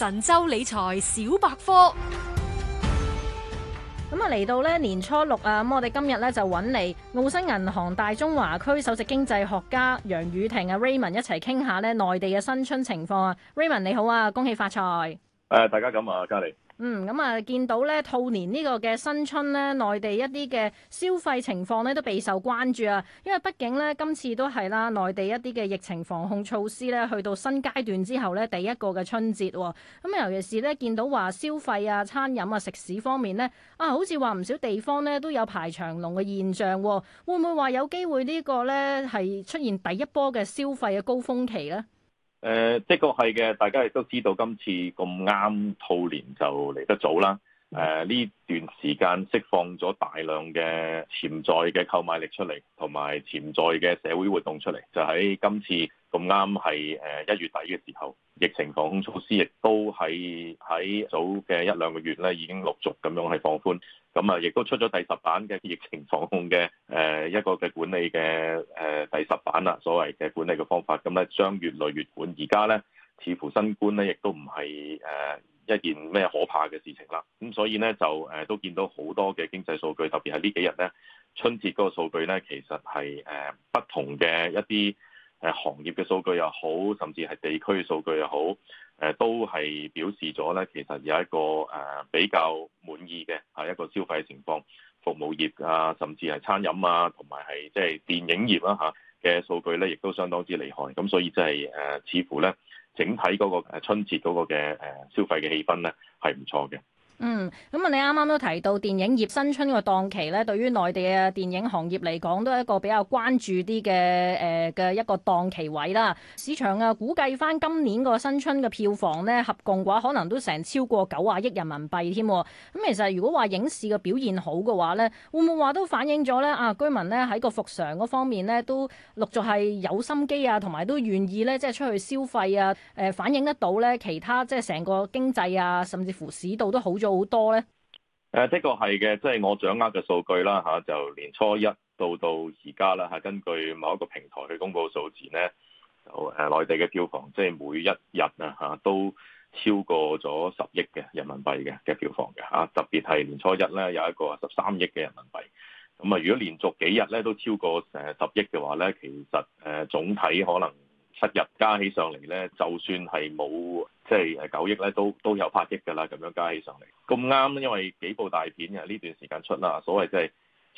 神州理財小百科，咁啊嚟到咧年初六啊，咁我哋今日咧就揾嚟澳新銀行大中華區首席經濟學家楊宇霆啊 Raymond 一齊傾下咧內地嘅新春情況啊 Raymond 你好啊，恭喜發財！誒，大家噉話，嘉莉。嗯，咁啊，見到咧，兔年呢個嘅新春咧，內地一啲嘅消費情況咧都備受關注啊。因為畢竟咧，今次都係啦，內地一啲嘅疫情防控措施咧，去到新階段之後咧，第一個嘅春節、哦，咁、嗯、尤其是咧，見到話消費啊、餐飲啊、食肆方面咧，啊，好似話唔少地方咧都有排長龍嘅現象、哦，會唔會話有機會呢個咧係出現第一波嘅消費嘅高峰期咧？誒，的確係嘅，大家亦都知道今次咁啱兔年就嚟得早啦。誒、呃，呢段時間釋放咗大量嘅潛在嘅購買力出嚟，同埋潛在嘅社會活動出嚟，就喺今次咁啱係誒一月底嘅時候，疫情防控措施亦都係喺早嘅一兩個月咧，已經陸續咁樣係放寬。咁啊，亦都出咗第十版嘅疫情防控嘅誒一個嘅管理嘅誒第十版啦，所謂嘅管理嘅方法，咁咧將越來越管。而家咧，似乎新冠咧亦都唔係誒一件咩可怕嘅事情啦。咁所以咧就誒都見到好多嘅經濟數據，特別係呢幾日咧春節嗰個數據咧，其實係誒不同嘅一啲誒行業嘅數據又好，甚至係地區數據又好。誒都係表示咗咧，其實有一個誒比較滿意嘅係一個消費情況，服務業啊，甚至係餐飲啊，同埋係即係電影業啦嚇嘅數據咧，亦都相當之厲害。咁所以即係誒，似乎咧整體嗰個春節嗰個嘅誒消費嘅氣氛咧係唔錯嘅。嗯，咁啊，你啱啱都提到電影業新春個檔期咧，對於內地嘅電影行業嚟講都係一個比較關注啲嘅誒嘅一個檔期位啦。市場啊，估計翻今年個新春嘅票房咧，合共嘅話可能都成超過九十億人民幣添。咁、嗯、其實如果話影視嘅表現好嘅話咧，會唔會話都反映咗咧啊居民咧喺個復常嗰方面咧都陸續係有心機啊，同埋都願意咧即係出去消費啊？誒、呃、反映得到咧其他即係成個經濟啊，甚至乎市道都好咗。好多呢，誒，的確係嘅，即係我掌握嘅數據啦，嚇就年初一到到而家啦，嚇根據某一個平台去公布數字呢，就誒內地嘅票房，即係每一日啊嚇都超過咗十億嘅人民幣嘅嘅票房嘅，嚇特別係年初一呢，有一個十三億嘅人民幣，咁啊如果連續幾日呢，都超過誒十億嘅話呢，其實誒總體可能。七日加起上嚟咧，就算係冇即係係九億咧，都都有八億噶啦，咁樣加起上嚟咁啱，因為幾部大片呀呢段時間出啦，所謂即係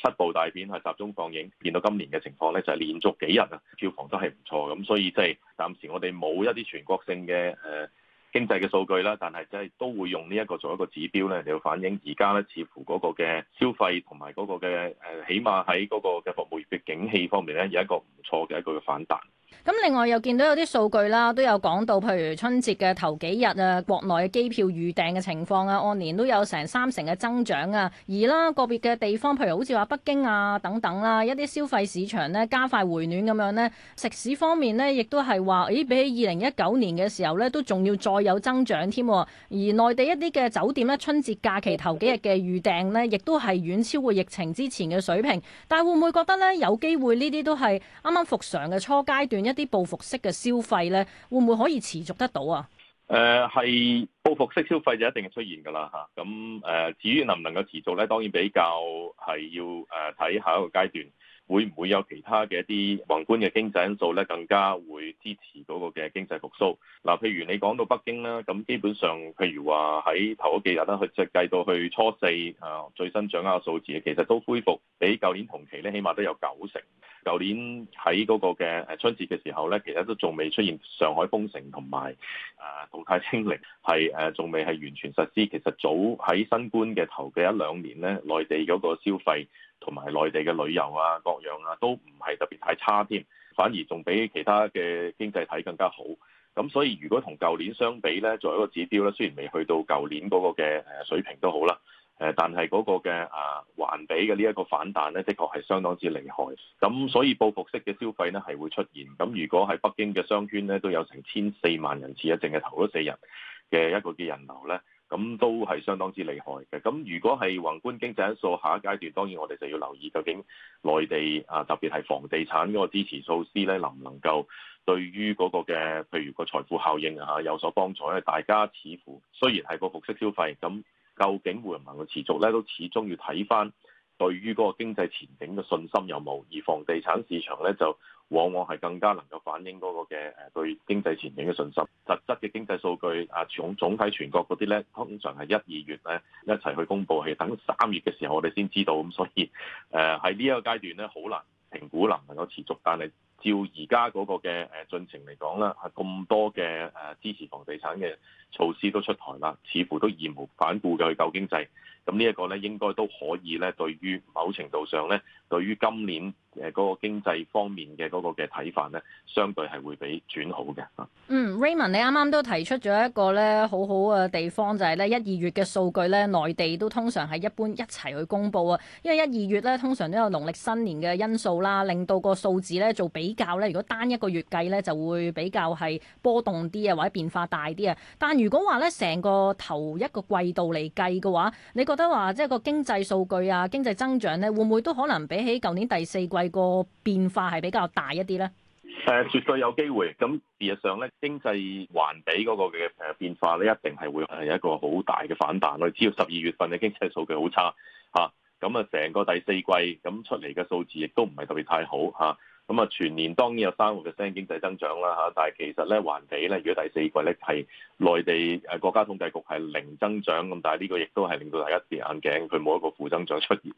七部大片係集中放映，見到今年嘅情況咧，就係連續幾日啊票房都係唔錯。咁所以即係暫時我哋冇一啲全國性嘅誒、呃、經濟嘅數據啦，但係即係都會用呢一個做一個指標咧，就反映而家咧似乎嗰個嘅消費同埋嗰個嘅誒、呃，起碼喺嗰個嘅服務業嘅景氣方面咧，有一個唔錯嘅一個嘅反彈。咁另外又見到有啲數據啦，都有講到，譬如春節嘅頭幾日啊，國內嘅機票預訂嘅情況啊，按年都有成三成嘅增長啊。而啦個別嘅地方，譬如好似話北京啊等等啦，一啲消費市場咧加快回暖咁樣咧，食市方面咧亦都係話咦，比起二零一九年嘅時候咧，都仲要再有增長添。而內地一啲嘅酒店咧，春節假期頭幾日嘅預訂咧，亦都係遠超過疫情之前嘅水平。但會唔會覺得咧，有機會呢啲都係啱啱復常嘅初階段？一啲報復式嘅消費咧，會唔會可以持續得到啊？誒、呃，係報復式消費就一定係出現噶啦吓，咁誒、呃，至於能唔能夠持續咧，當然比較係要誒睇、呃、下一個階段。會唔會有其他嘅一啲宏觀嘅經濟因素咧，更加會支持嗰個嘅經濟復甦？嗱，譬如你講到北京啦，咁基本上，譬如話喺頭嗰幾日啦，佢去計到去初四啊，最新掌握嘅數字，其實都恢復比舊年同期咧，起碼都有九成。舊年喺嗰個嘅誒春節嘅時候咧，其實都仲未出現上海封城同埋誒動態清零，係誒仲未係完全實施。其實早喺新冠嘅頭嘅一兩年咧，內地嗰個消費。同埋內地嘅旅遊啊，各樣啊，都唔係特別太差添，反而仲比其他嘅經濟體更加好。咁所以如果同舊年相比呢，作為一個指標呢，雖然未去到舊年嗰個嘅誒水平都好啦，但係嗰個嘅啊環比嘅呢一個反彈呢，的確係相當之厲害。咁所以報復式嘅消費呢係會出現。咁如果係北京嘅商圈呢，都有成千四萬人次啊，淨係頭嗰四日嘅一個嘅人流呢。咁都係相當之厲害嘅。咁如果係宏觀經濟因素，下一階段，當然我哋就要留意究竟內地啊，特別係房地產嗰個支持措施咧，能唔能夠對於嗰個嘅譬如個財富效應啊，有所幫助咧？大家似乎雖然係個報復式消費，咁究竟會唔會能夠持續咧，都始終要睇返。對於嗰個經濟前景嘅信心有冇？而房地產市場咧，就往往係更加能夠反映嗰個嘅誒對經濟前景嘅信心。實質嘅經濟數據啊，總總體全國嗰啲咧，通常係一、二月咧一齊去公佈，係等三月嘅時候我哋先知道。咁所以誒，喺、呃、呢一個階段咧，好難評估能唔能夠持續，但係。照而家嗰個嘅誒進程嚟講啦，係咁多嘅誒支持房地產嘅措施都出台啦，似乎都義無反顧嘅去救經濟。咁呢一個咧，應該都可以咧，對於某程度上咧，對於今年，誒嗰個經濟方面嘅嗰個嘅睇法呢，相對係會比轉好嘅嚇。嗯，Raymond 你啱啱都提出咗一個咧好好嘅地方，就係呢：一二月嘅數據呢，內地都通常係一般一齊去公布啊。因為一二月呢，通常都有農曆新年嘅因素啦，令到個數字呢做比較咧，如果單一個月計呢，就會比較係波動啲啊，或者變化大啲啊。但如果話呢，成個頭一個季度嚟計嘅話，你覺得話即係個經濟數據啊、經濟增長呢，會唔會都可能比起舊年第四季？係個變化係比較大一啲咧，誒，絕對有機會。咁事實上咧，經濟環比嗰個嘅誒變化咧，一定係會係一個好大嘅反彈。我哋知道十二月份嘅經濟數據好差吓，咁啊，成個第四季咁出嚟嘅數字亦都唔係特別太好吓。啊咁啊，全年當然有三個 percent 經濟增長啦嚇，但係其實咧環比咧，如果第四季咧係內地誒國家統計局係零增長咁，但係呢個亦都係令到大家跌眼鏡，佢冇一個負增長出現。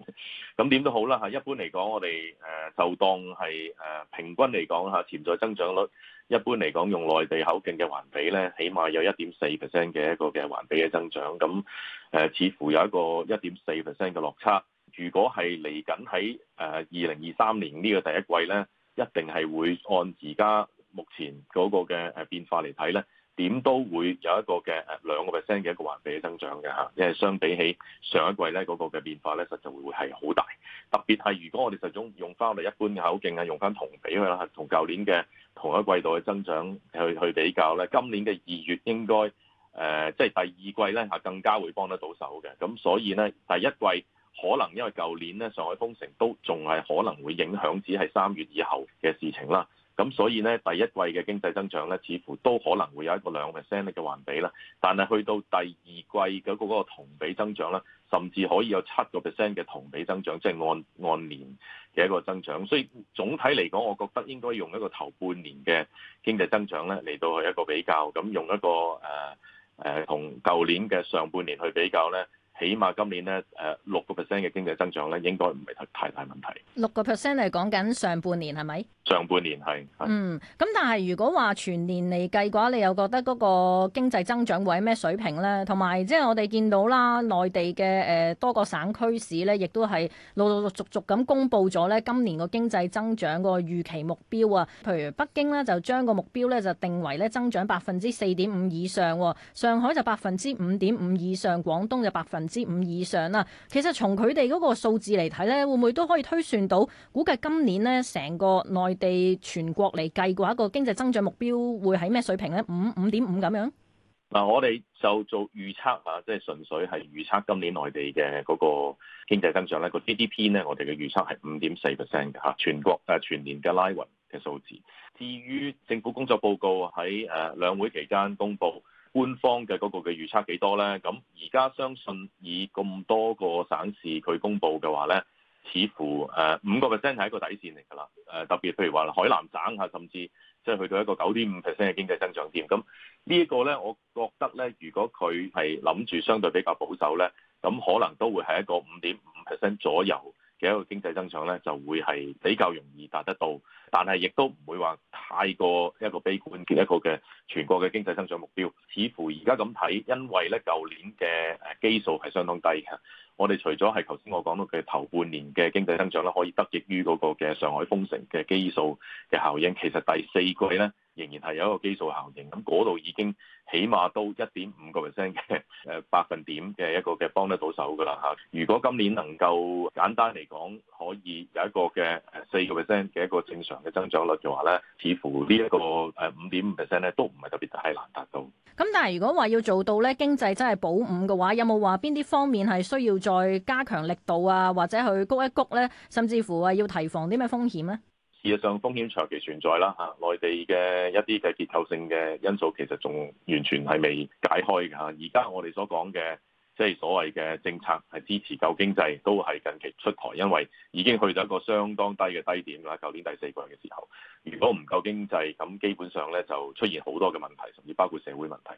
咁點都好啦嚇，一般嚟講，我哋誒就當係誒平均嚟講嚇，潛在增長率一般嚟講用內地口徑嘅環比咧，起碼有一點四 percent 嘅一個嘅環比嘅增長。咁誒、呃、似乎有一個一點四 percent 嘅落差。如果係嚟緊喺誒二零二三年呢個第一季咧。一定係會按而家目前嗰個嘅誒變化嚟睇咧，點都會有一個嘅誒兩個 percent 嘅一個環比嘅增長嘅嚇，因為相比起上一季咧嗰個嘅變化咧，實際會係好大。特別係如果我哋實總用翻我哋一般嘅口徑，啊，用翻同比去啦，同舊年嘅同一季度嘅增長去去比較咧，今年嘅二月應該誒即係第二季咧嚇更加會幫得到手嘅。咁所以咧第一季。可能因為舊年咧上海封城都仲係可能會影響，只係三月以後嘅事情啦。咁所以咧第一季嘅經濟增長咧，似乎都可能會有一個兩 percent 嘅環比啦。但係去到第二季嗰個同比增長啦，甚至可以有七個 percent 嘅同比增長，即係按按年嘅一個增長。所以總體嚟講，我覺得應該用一個頭半年嘅經濟增長咧嚟到去一個比較。咁用一個誒誒同舊年嘅上半年去比較咧。起碼今年呢，誒六個 percent 嘅經濟增長咧，應該唔係太大問題。六個 percent 係講緊上半年係咪？上半年係。嗯，咁但係如果話全年嚟計嘅話，你又覺得嗰個經濟增長會喺咩水平咧？同埋即係我哋見到啦，內地嘅誒多個省區市咧，亦都係陸陸續續咁公布咗咧今年個經濟增長個預期目標啊。譬如北京咧就將個目標咧就定為咧增長百分之四點五以上，上海就百分之五點五以上，廣東就百分之五以上啦，其實從佢哋嗰個數字嚟睇咧，會唔會都可以推算到？估計今年咧，成個內地全國嚟計嘅一個經濟增長目標會喺咩水平咧？五五點五咁樣。嗱，我哋就做預測嚇，即係純粹係預測今年內地嘅嗰個經濟增長咧，個 GDP 咧，我哋嘅預測係五點四 percent 嘅嚇，全國誒全年嘅拉運嘅數字。至於政府工作報告喺誒兩會期間公布。官方嘅嗰個嘅預測幾多咧？咁而家相信以咁多個省市佢公布嘅話咧，似乎誒五個 percent 係一個底線嚟㗎啦。誒特別譬如話海南省嚇，甚至即係去到一個九點五 percent 嘅經濟增長添。咁呢一個咧，我覺得咧，如果佢係諗住相對比較保守咧，咁可能都會係一個五點五 percent 左右。嘅一個經濟增長呢，就會係比較容易達得到，但係亦都唔會話太過一個悲觀嘅一個嘅全國嘅經濟增長目標。似乎而家咁睇，因為呢舊年嘅誒基數係相當低嘅。我哋除咗係頭先我講到嘅頭半年嘅經濟增長咧，可以得益於嗰個嘅上海封城嘅基數嘅效應，其實第四季咧仍然係有一個基數效應，咁嗰度已經起碼都一點五個 percent 嘅誒百分點嘅一個嘅幫得到手㗎啦嚇。如果今年能夠簡單嚟講，可以有一個嘅四個 percent 嘅一個正常嘅增長率嘅話咧，似乎5.5呢一個誒五點五 percent 咧都唔係特別太難達到。咁但係如果話要做到咧經濟真係保五嘅話，有冇話邊啲方面係需要再加強力度啊，或者去谷一谷咧，甚至乎啊要提防啲咩風險咧？事實上風險長期存在啦，嚇、啊，內地嘅一啲嘅結構性嘅因素其實仲完全係未解開㗎嚇，而、啊、家我哋所講嘅。即係所謂嘅政策係支持救經濟，都係近期出台，因為已經去到一個相當低嘅低點啦。舊年第四季嘅時候，如果唔救經濟，咁基本上咧就出現好多嘅問題，甚至包括社會問題。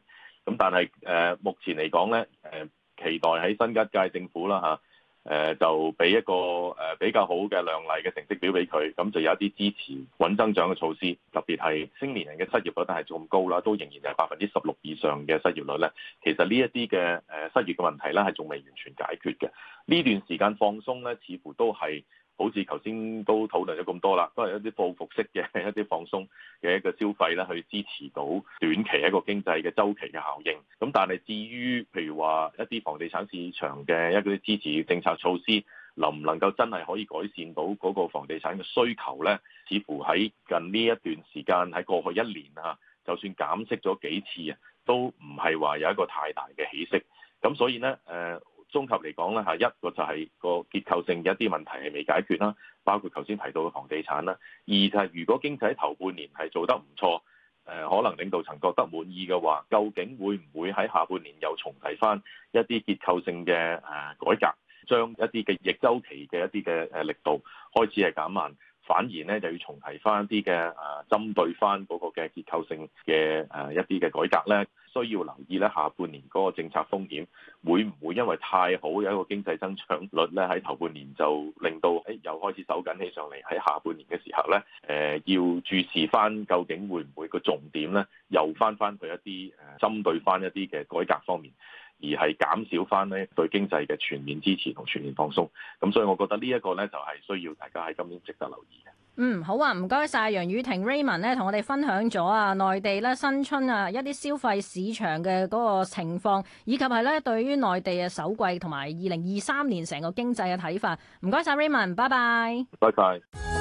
咁但係誒、呃，目前嚟講咧，誒、呃、期待喺新一屆政府啦嚇。啊誒就俾一個誒比較好嘅亮麗嘅成績表俾佢，咁就有一啲支持穩增長嘅措施，特別係青年人嘅失，失業率，但係仲高啦，都仍然係百分之十六以上嘅失業率咧。其實呢一啲嘅誒失業嘅問題咧，係仲未完全解決嘅。呢段時間放鬆咧，似乎都係。好似頭先都討論咗咁多啦，都係一啲報復式嘅一啲放鬆嘅一個消費咧，去支持到短期一個經濟嘅周期嘅效應。咁但係至於譬如話一啲房地產市場嘅一啲支持政策措施，能唔能夠真係可以改善到嗰個房地產嘅需求呢？似乎喺近呢一段時間喺過去一年啊，就算減息咗幾次啊，都唔係話有一個太大嘅起色。咁所以呢。誒、呃。綜合嚟講咧嚇，一個就係個結構性嘅一啲問題係未解決啦，包括頭先提到嘅房地產啦。二就係如果經濟喺頭半年係做得唔錯，誒可能領導層覺得滿意嘅話，究竟會唔會喺下半年又重提翻一啲結構性嘅誒改革，將一啲嘅逆周期嘅一啲嘅誒力度開始係減慢，反而咧就要重提翻一啲嘅誒針對翻嗰個嘅結構性嘅誒一啲嘅改革咧。需要留意咧，下半年嗰個政策風險會唔會因為太好有一個經濟增長率咧，喺頭半年就令到誒又開始收緊起上嚟，喺下半年嘅時候咧，誒、呃、要注視翻究竟會唔會個重點咧，又翻翻去一啲誒針對翻一啲嘅改革方面，而係減少翻咧對經濟嘅全面支持同全面放鬆，咁所以，我覺得呢一個咧就係、是、需要大家喺今年值得留意嘅。嗯，好啊，唔該晒。楊宇霆 Raymond 咧，同我哋分享咗啊，內地咧新春啊一啲消費市場嘅嗰個情況，以及係咧對於內地嘅首季同埋二零二三年成個經濟嘅睇法。唔該晒 Raymond，拜拜。多謝。Bye bye.